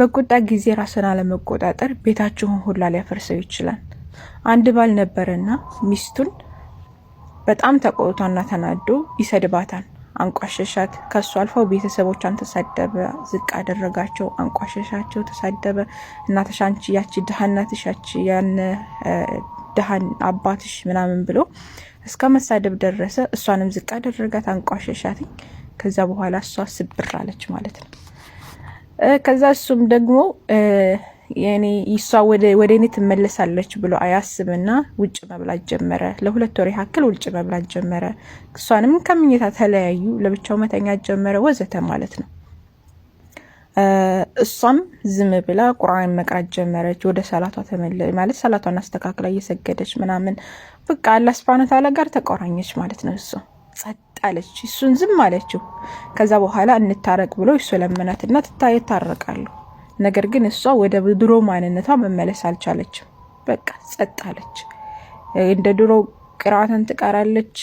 በቁጣ ጊዜ ራስን አለመቆጣጠር ቤታችሁን ሁላ ሊያፈርሰው ይችላል። አንድ ባል ነበረና ሚስቱን በጣም ተቆጥቷና ተናዶ ይሰድባታል። አንቋሸሻት። ከሱ አልፈው ቤተሰቦቿን ተሳደበ፣ ዝቅ አደረጋቸው፣ አንቋሸሻቸው፣ ተሳደበ። እናትሽ አንቺ ያቺ ድሃ እናትሽ ያቺ ድሃን አባትሽ ምናምን ብሎ እስከ መሳደብ ደረሰ። እሷንም ዝቅ አደረጋት፣ አንቋሸሻትኝ። ከዛ በኋላ እሷ ስብር አለች ማለት ነው። ከዛ እሱም ደግሞ ይሷ ወደ እኔ ትመለሳለች ብሎ አያስብና ውጭ መብላት ጀመረ። ለሁለት ወር ያክል ውጭ መብላት ጀመረ። እሷንም ከምኝታ ተለያዩ፣ ለብቻው መተኛት ጀመረ፣ ወዘተ ማለት ነው። እሷም ዝም ብላ ቁርአን መቅራት ጀመረች። ወደ ሰላቷ ተመለ ማለት ሰላቷን አስተካክላ እየሰገደች ምናምን በቃ አላህ ሱብሃነሁ ወተዓላ ጋር ተቆራኘች ማለት ነው። እሱ ጸጥ ጣለች። እሱን ዝም አለችው። ከዛ በኋላ እንታረቅ ብሎ እሱ ለመናትና ትታ ይታረቃሉ። ነገር ግን እሷ ወደ ድሮ ማንነቷ መመለስ አልቻለችም። በቃ ጸጥ አለች። እንደ ድሮ ቅራትን ትቀራለች።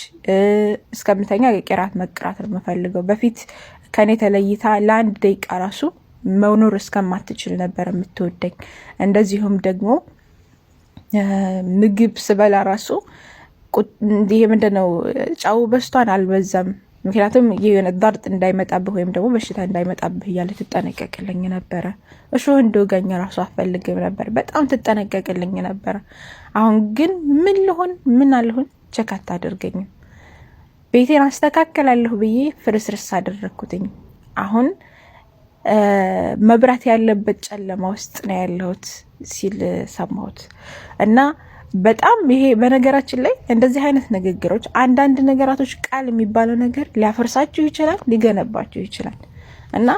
እስከምተኛ የቅራት መቅራት ነው የምፈልገው። በፊት ከኔ ተለይታ ለአንድ ደቂቃ ራሱ መኖር እስከማትችል ነበር የምትወደኝ። እንደዚሁም ደግሞ ምግብ ስበላ ራሱ ይህ ምንድነው ጨው በስቷን አልበዛም። ምክንያቱም የሆነ ዳርጥ እንዳይመጣብህ ወይም ደግሞ በሽታ እንዳይመጣብህ እያለ ትጠነቀቅልኝ ነበረ። እሾህ እንዲወጋኝ ራሱ አፈልግም ነበር። በጣም ትጠነቀቅልኝ ነበረ። አሁን ግን ምን ልሆን ምን አልሆን ቸክ አታደርገኝም። ቤቴን አስተካከላለሁ ብዬ ፍርስርስ አደረግኩትኝ። አሁን መብራት ያለበት ጨለማ ውስጥ ነው ያለሁት ሲል ሰማሁት እና በጣም ይሄ በነገራችን ላይ እንደዚህ አይነት ንግግሮች አንዳንድ ነገራቶች ቃል የሚባለው ነገር ሊያፈርሳችሁ ይችላል፣ ሊገነባችሁ ይችላል እና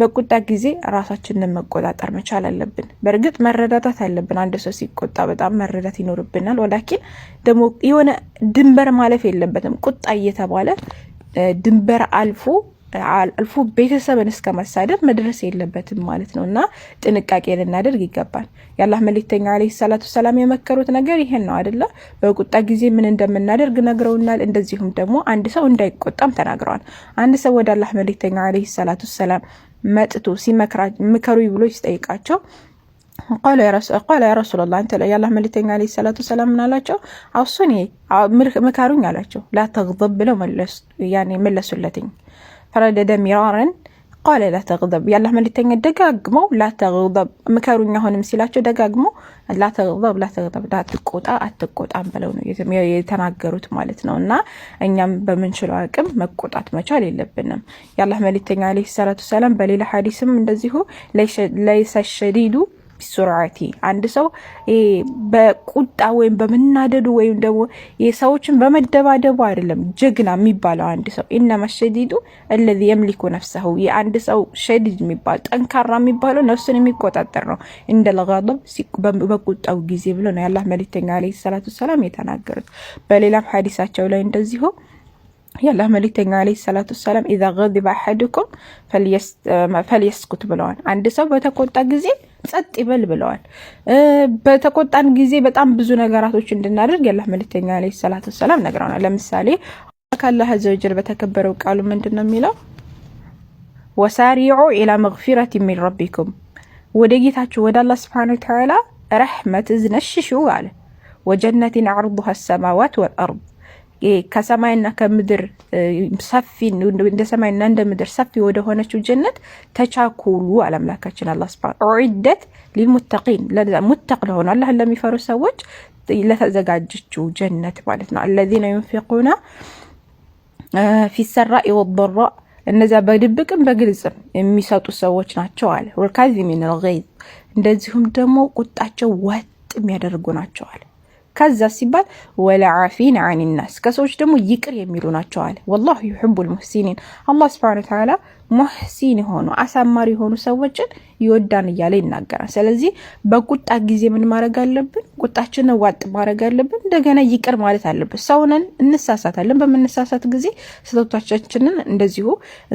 በቁጣ ጊዜ ራሳችንን መቆጣጠር መቻል አለብን። በእርግጥ መረዳታት አለብን። አንድ ሰው ሲቆጣ በጣም መረዳት ይኖርብናል። ወላኪን ደግሞ የሆነ ድንበር ማለፍ የለበትም። ቁጣ እየተባለ ድንበር አልፎ አልፎ ቤተሰብን እስከ መሳደብ መድረስ የለበትም ማለት ነው እና ጥንቃቄ ልናደርግ ይገባል። የአላህ መልክተኛ ዓለይሂ ሰላቱ ሰላም የመከሩት ነገር ይሄን ነው አደለ? በቁጣ ጊዜ ምን እንደምናደርግ ነግረውናል። እንደዚሁም ደግሞ አንድ ሰው እንዳይቆጣም ተናግረዋል። አንድ ሰው ወደ አላህ መልክተኛ ዓለይሂ ሰላቱ ሰላም መጥቶ ሲመከሩ ብሎ ሲጠይቃቸው ቃለ ያ ረሱላላህ አንተ የአላህ መልእክተኛ ዓለይሂ ሰላቱ ሰላም ምን አላቸው? አውሱኒ ምከሩኝ አላቸው። ላተግዘብ ብለው መለሱለትኝ ፈረደደ ሚራርን ቃለ ላተቅዘብ ያላህ መልክተኛ ደጋግመው ላተቅዘብ ምከሩኝ አሁንም ሲላቸው ደጋግመው ላተቅደብ ላተቅዘብ አትቆጣ አትቆጣም ብለው ነው የተናገሩት ማለት ነው። እና እኛም በምንችለው አቅም መቆጣት መቻል የለብንም። ያላህ መልተኛ ዓለይሂ ሰላቱ ሰላም በሌላ ሀዲስም እንደዚሁ ለይሰ ሸዲዱ ቢሱርዓቲ አንድ ሰው በቁጣ ወይም በመናደዱ ወይም ደግሞ ሰዎችን በመደባደቡ አይደለም ጀግና የሚባለው አንድ ሰው። ኢነማ ሸዲዱ እለዚ የምሊኩ ነፍሰሁ የአንድ ሰው ሸዲድ የሚባለው ጠንካራ የሚባለው ነፍሱን የሚቆጣጠር ነው። እንደ ለጋضብ በቁጣው ጊዜ ብሎ ነው የአላህ መልክተኛ ዓለይሂ ሰላቱ ሰላም የተናገሩት። በሌላም ሀዲሳቸው ላይ እንደዚሁ የአላህ መልክተኛ ዓለይሂ ሰላቱ ሰላም ኢዛ ገዲበ አሐድኩም ፈልየስኩት ብለዋል። አንድ ሰው በተቆጣ ጊዜ ጸጥ ይበል ብለዋል። በተቆጣን ጊዜ በጣም ብዙ ነገራቶች እንድናደርግ የአላህ መልእክተኛ ዓለይሂ ሰላቱ ወሰላም ነግረውናል። ለምሳሌ ከአላህ አዘወጀል በተከበረው ቃሉ ምንድን ነው የሚለው? ወሳሪዑ ኢላ መግፊረት ሚን ረቢኩም ወደ ጌታችሁ ወደ አላህ ስብሐነ ወተዓላ ረሕመት እዝነሽሹ አለ ወጀነትን ዐርዱሃ ሰማዋት ወልአርድ ከሰማይና ከምድር ሰፊ እንደ ሰማይና እንደ ምድር ሰፊ ወደሆነችው ጀነት ተቻኩሉ አለ አምላካችን አላህ ሱብሓነሁ ዑደት ሊልሙተቂን ሙተቅ ለሆኑ አላህን ለሚፈሩ ሰዎች ለተዘጋጀችው ጀነት ማለት ነው። አለዚነ ዩንፊቁና ፊ ሰራኢ እነዚያ በድብቅም በግልጽም የሚሰጡ ሰዎች ናቸው አለ ወልካዚሚነል ገይዝ እንደዚሁም ደግሞ ቁጣቸው ወጥ የሚያደርጉ ናቸዋል። ከዛ ሲባል ወለዓፊን አን ናስ ከሰዎች ደግሞ ይቅር የሚሉ ናቸው አለ። ወላሁ ዩሕቡል አላ አላህ ስብሐነሁ ወተዓላ ሙሕሲን የሆኑ አሳማሪ የሆኑ ሰዎችን ይወዳን እያለ ይናገራል። ስለዚህ በቁጣ ጊዜ ምን ማድረግ አለብን? ቁጣችንን ዋጥ ማድረግ አለብን። እንደገና ይቅር ማለት አለብን። ሰውነን እንሳሳታለን። በምንሳሳት ጊዜ ስህተቶቻችንን እንደዚሁ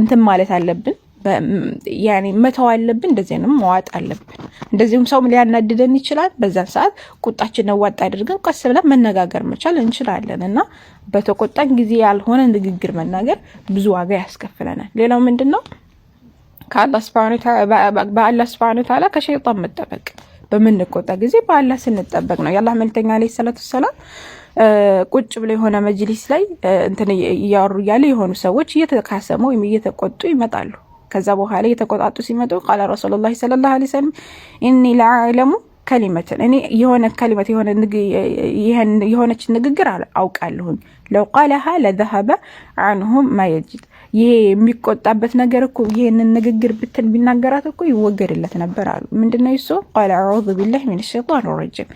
እንትን ማለት አለብን። ያኔ መተው አለብን፣ እንደዚህንም መዋጥ አለብን። እንደዚሁም ሰው ሊያናድደን ይችላል። በዛን ሰዓት ቁጣችን ዋጥ አድርገን ቀስ ብለን መነጋገር መቻል እንችላለን እና በተቆጣን ጊዜ ያልሆነ ንግግር መናገር ብዙ ዋጋ ያስከፍለናል። ሌላው ምንድን ነው? በአላህ ስብሃነ ተዓላ ከሸይጣን መጠበቅ። በምንቆጣ ጊዜ በአላህ ስንጠበቅ ነው። የአላህ መልእክተኛ ዓለይሂ ሰላቱ ወሰላም ቁጭ ብሎ የሆነ መጅሊስ ላይ እንትን እያወሩ እያለ የሆኑ ሰዎች እየተካሰሙ ወይም እየተቆጡ ይመጣሉ። ከዛ በኋላ የተቆጣጡ ሲመጡ ቃለ ረሱሉላሂ ሰለላሁ ዐለይሂ ወሰለም ኢኒ ለአዕለሙ ከሊመትን እኔ የሆነ ከሊመት የሆነች ንግግር አውቃለሁኝ ለው ቃለሃ ለዘሀበ አንሁም ማየጅድ ይሄ የሚቆጣበት ነገር እኮ ይሄንን ንግግር ብትል ቢናገራት እኮ ይወገድለት ነበር አሉ። ምንድነው ይሶ ቃል አዑዙ ቢላህ ሚን ሸይጣን ረጅም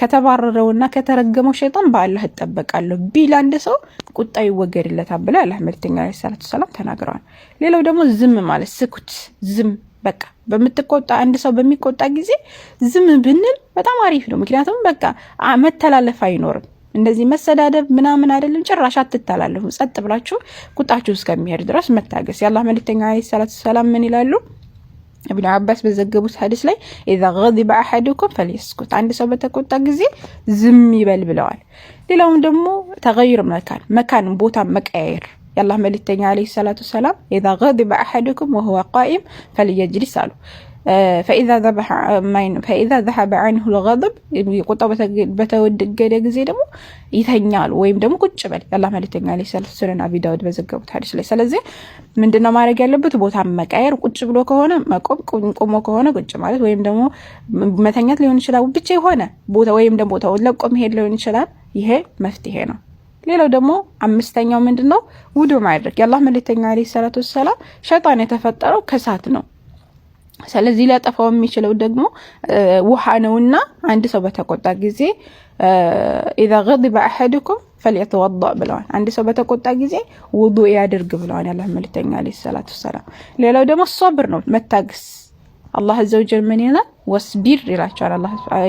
ከተባረረውና ከተረገመው ሸይጣን በአላህ እጠበቃለሁ ቢል አንድ ሰው ቁጣ ይወገድለታል ብለ አላህ መልክተኛ ዐለይሂ ሰላቱ ሰላም ተናግረዋል። ሌላው ደግሞ ዝም ማለት ስኩት፣ ዝም በቃ በምትቆጣ አንድ ሰው በሚቆጣ ጊዜ ዝም ብንል በጣም አሪፍ ነው። ምክንያቱም በቃ መተላለፍ አይኖርም። እንደዚህ መሰዳደብ ምናምን አይደለም። ጭራሽ አትታላለፉ። ጸጥ ብላችሁ ቁጣችሁ እስከሚሄድ ድረስ መታገስ። የአላህ መልእክተኛ አለይሂ ሰላቱ ሰላም ምን ይላሉ? እብኑ አባስ በዘገቡት ሀዲስ ላይ ኢዛ ገዲበ አሐዱኩም ፈልየስኩት፣ አንድ ሰው በተቆጣ ጊዜ ዝም ይበል ብለዋል። ሌላውን ደግሞ ተገይር መካን መካን ቦታ መቀያየር የአላህ መልእክተኛ አለይሂ ሰላቱ ሰላም ኢዛ ገዲበ አሐዱኩም ወሁወ ቃኢም ፈልየጅሊስ አሉ። ፈኢዛ ዘሐበ አንሁ ልገብ ቁጣው በተወገደ ጊዜ ደግሞ ይተኛሉ ወይም ደግሞ ቁጭ በል ያላ መልክተኛ ላይ ሱነን አቢ ዳውድ በዘገቡት ሀዲስ ላይ። ስለዚህ ምንድነው ማድረግ ያለበት? ቦታ መቀየር፣ ቁጭ ብሎ ከሆነ መቆም፣ ቁሞ ከሆነ ቁጭ ማለት ወይም ደግሞ መተኛት ሊሆን ይችላል። ብቻ የሆነ ቦታ ወይም ደግሞ ቦታውን ለቆ መሄድ ሊሆን ይችላል። ይሄ መፍትሄ ነው። ሌላው ደግሞ አምስተኛው ምንድን ውዱ ማድረግ። የአላህ መልክተኛ አለይሂ ሰላቱ ወሰላም ሸጣን የተፈጠረው ከእሳት ነው ስለዚህ ሊያጠፋው የሚችለው ደግሞ ውሃ ነውና አንድ ሰው በተቆጣ ጊዜ ኢዛ ገዲበ አሐድኩም ፈልየተወዳእ ብለዋል። አንድ ሰው በተቆጣ ጊዜ ውዱእ ያድርግ ብለዋል ያለ መልእክተኛ ዓለይሂ ሰላቱ ወሰላም። ሌላው ደግሞ ሶብር ነው መታገስ። አላህ አዘወጀል ምን ይላል? ወስቢር ይላቸዋል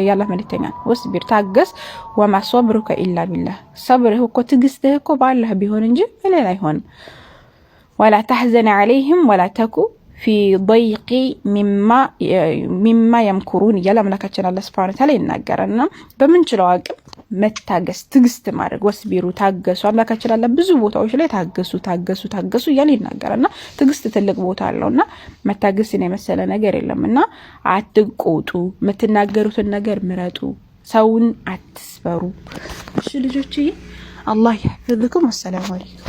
ያለ መልእክተኛ ወስቢር፣ ታገስ። ወማ ሶብሩከ ኢላ ቢላህ፣ ሰብርህ እኮ ትዕግስትህ እኮ በአላህ ቢሆን እንጂ በሌላ አይሆንም። ወላ ተሕዘን ዓለይህም ወላ ተኩ ፊ በይቂ ሚማ የምኩሩን እያለ አምላካችን አለ ስብሃነ ተዓላ ይናገራል። በምንችለው አቅም መታገስ ትግስት ማድረግ ወስቢሩ ታገሱ። አምላካችን አለ ብዙ ቦታዎች ላይ ታገሱ ታገሱ ታገሱ እያለ ይናገራል። እና ትግስት ትልቅ ቦታ አለው መታገስን የመሰለ ነገር የለም። አትቆጡ፣ የምትናገሩትን ነገር ምረጡ፣ ሰውን አትስበሩ። እሺ ልጆችዬ፣ አላህ ያህፍዝኩም። አሰላሙ አለይኩም